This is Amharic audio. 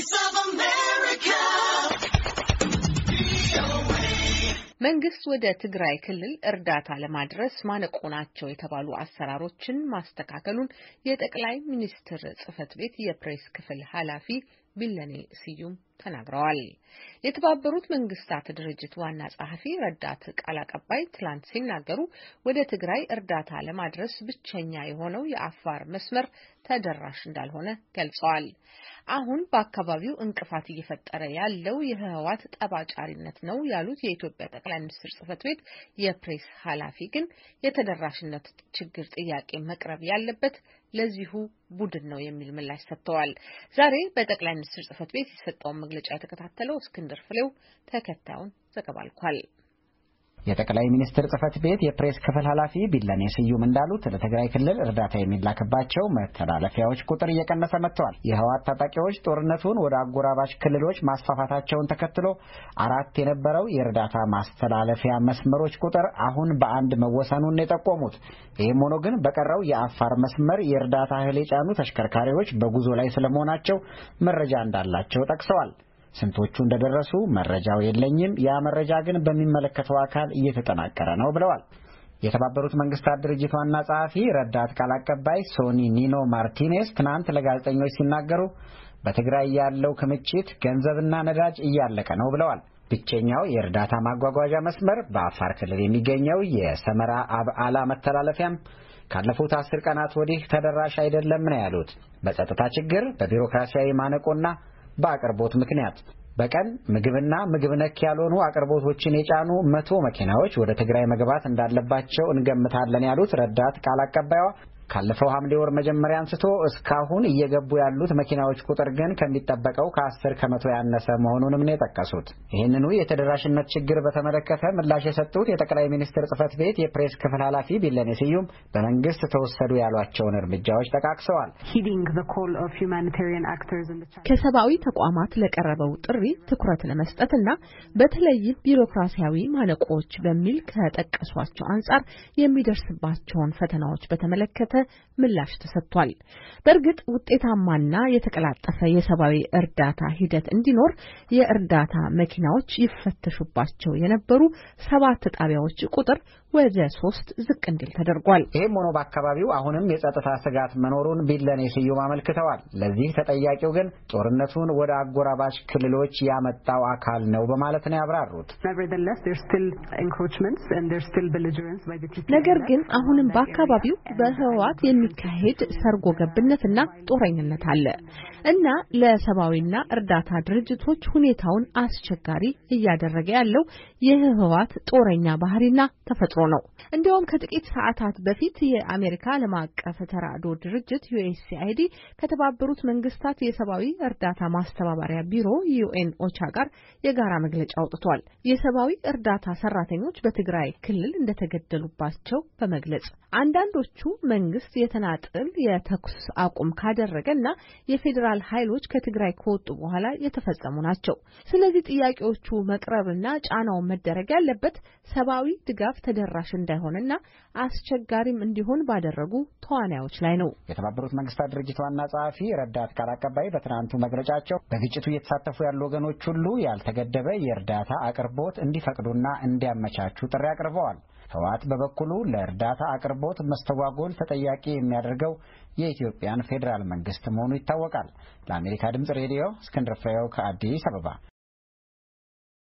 Voice of America. መንግስት ወደ ትግራይ ክልል እርዳታ ለማድረስ ማነቆ ናቸው የተባሉ አሰራሮችን ማስተካከሉን የጠቅላይ ሚኒስትር ጽህፈት ቤት የፕሬስ ክፍል ኃላፊ ቢለኔ ስዩም ተናግረዋል። የተባበሩት መንግስታት ድርጅት ዋና ጸሐፊ ረዳት ቃል አቀባይ ትላንት ሲናገሩ ወደ ትግራይ እርዳታ ለማድረስ ብቸኛ የሆነው የአፋር መስመር ተደራሽ እንዳልሆነ ገልጸዋል። አሁን በአካባቢው እንቅፋት እየፈጠረ ያለው የህወሓት ጠባጫሪነት ነው ያሉት የኢትዮጵያ ጠቅላይ ሚኒስትር ጽህፈት ቤት የፕሬስ ኃላፊ ግን የተደራሽነት ችግር ጥያቄ መቅረብ ያለበት ለዚሁ ቡድን ነው የሚል ምላሽ ሰጥተዋል። ዛሬ በጠቅላይ ሚኒስትር ጽህፈት ቤት የሰጠውን መግለጫ የተከታተለው እስክንድር ፍሬው ተከታዩን ዘገባ አልኳል። የጠቅላይ ሚኒስትር ጽህፈት ቤት የፕሬስ ክፍል ኃላፊ ቢለኔ ስዩም እንዳሉት ለትግራይ ክልል እርዳታ የሚላክባቸው መተላለፊያዎች ቁጥር እየቀነሰ መጥተዋል። የህወሓት ታጣቂዎች ጦርነቱን ወደ አጎራባች ክልሎች ማስፋፋታቸውን ተከትሎ አራት የነበረው የእርዳታ ማስተላለፊያ መስመሮች ቁጥር አሁን በአንድ መወሰኑን የጠቆሙት፣ ይህም ሆኖ ግን በቀረው የአፋር መስመር የእርዳታ እህል የጫኑ ተሽከርካሪዎች በጉዞ ላይ ስለመሆናቸው መረጃ እንዳላቸው ጠቅሰዋል። ስንቶቹ እንደደረሱ መረጃው የለኝም፣ ያ መረጃ ግን በሚመለከተው አካል እየተጠናቀረ ነው ብለዋል። የተባበሩት መንግስታት ድርጅት ዋና ጸሐፊ ረዳት ቃል አቀባይ ሶኒ ኒኖ ማርቲኔስ ትናንት ለጋዜጠኞች ሲናገሩ በትግራይ ያለው ክምችት ገንዘብና ነዳጅ እያለቀ ነው ብለዋል። ብቸኛው የእርዳታ ማጓጓዣ መስመር በአፋር ክልል የሚገኘው የሰመራ አብዓላ መተላለፊያም ካለፉት አስር ቀናት ወዲህ ተደራሽ አይደለም ነው ያሉት። በጸጥታ ችግር፣ በቢሮክራሲያዊ ማነቆና በአቅርቦት ምክንያት በቀን ምግብና ምግብ ነክ ያልሆኑ አቅርቦቶችን የጫኑ መቶ መኪናዎች ወደ ትግራይ መግባት እንዳለባቸው እንገምታለን ያሉት ረዳት ቃል አቀባይዋ ካለፈው ሐምሌ ወር መጀመሪያ አንስቶ እስካሁን እየገቡ ያሉት መኪናዎች ቁጥር ግን ከሚጠበቀው ከአስር ከመቶ ያነሰ መሆኑንም ነው የጠቀሱት። ይህንኑ የተደራሽነት ችግር በተመለከተ ምላሽ የሰጡት የጠቅላይ ሚኒስትር ጽህፈት ቤት የፕሬስ ክፍል ኃላፊ ቢለኔ ስዩም በመንግስት ተወሰዱ ያሏቸውን እርምጃዎች ጠቃቅሰዋል። ከሰብአዊ ተቋማት ለቀረበው ጥሪ ትኩረት ለመስጠትና በተለይም ቢሮክራሲያዊ ማነቆዎች በሚል ከጠቀሷቸው አንጻር የሚደርስባቸውን ፈተናዎች በተመለከተ ምላሽ ተሰጥቷል። በእርግጥ ውጤታማና የተቀላጠፈ የሰብአዊ እርዳታ ሂደት እንዲኖር የእርዳታ መኪናዎች ይፈተሹባቸው የነበሩ ሰባት ጣቢያዎች ቁጥር ወደ ሶስት ዝቅ እንዲል ተደርጓል። ይህም ሆኖ በአካባቢው አሁንም የጸጥታ ስጋት መኖሩን ቢለኔ ስዩም አመልክተዋል። ለዚህ ተጠያቂው ግን ጦርነቱን ወደ አጎራባች ክልሎች ያመጣው አካል ነው በማለት ነው ያብራሩት። ነገር ግን አሁንም በአካባቢው በህዋ በመግባት የሚካሄድ ሰርጎ ገብነትና ጦረኝነት አለ እና ለሰብአዊና እርዳታ ድርጅቶች ሁኔታውን አስቸጋሪ እያደረገ ያለው የህወሓት ጦረኛ ባህሪና ተፈጥሮ ነው። እንዲያውም ከጥቂት ሰዓታት በፊት የአሜሪካ ዓለም አቀፍ ተራድኦ ድርጅት ዩኤስኤአይዲ ከተባበሩት መንግስታት የሰብአዊ እርዳታ ማስተባበሪያ ቢሮ ዩኤን ኦቻ ጋር የጋራ መግለጫ አውጥቷል። የሰብአዊ እርዳታ ሰራተኞች በትግራይ ክልል እንደተገደሉባቸው በመግለጽ አንዳንዶቹ መንግስት መንግስት የተናጥል የተኩስ አቁም ካደረገ እና የፌዴራል ኃይሎች ከትግራይ ከወጡ በኋላ የተፈጸሙ ናቸው። ስለዚህ ጥያቄዎቹ መቅረብና ጫናውን መደረግ ያለበት ሰብአዊ ድጋፍ ተደራሽ እንዳይሆንና አስቸጋሪም እንዲሆን ባደረጉ ተዋናዮች ላይ ነው። የተባበሩት መንግስታት ድርጅት ዋና ጸሐፊ ረዳት ቃል አቀባይ በትናንቱ መግለጫቸው በግጭቱ እየተሳተፉ ያሉ ወገኖች ሁሉ ያልተገደበ የእርዳታ አቅርቦት እንዲፈቅዱና እንዲያመቻቹ ጥሪ አቅርበዋል። ህወሓት በበኩሉ ለእርዳታ አቅርቦት መስተጓጎል ተጠያቂ የሚያደርገው የኢትዮጵያን ፌዴራል መንግስት መሆኑ ይታወቃል። ለአሜሪካ ድምፅ ሬዲዮ እስክንድር ፍሬው ከአዲስ አበባ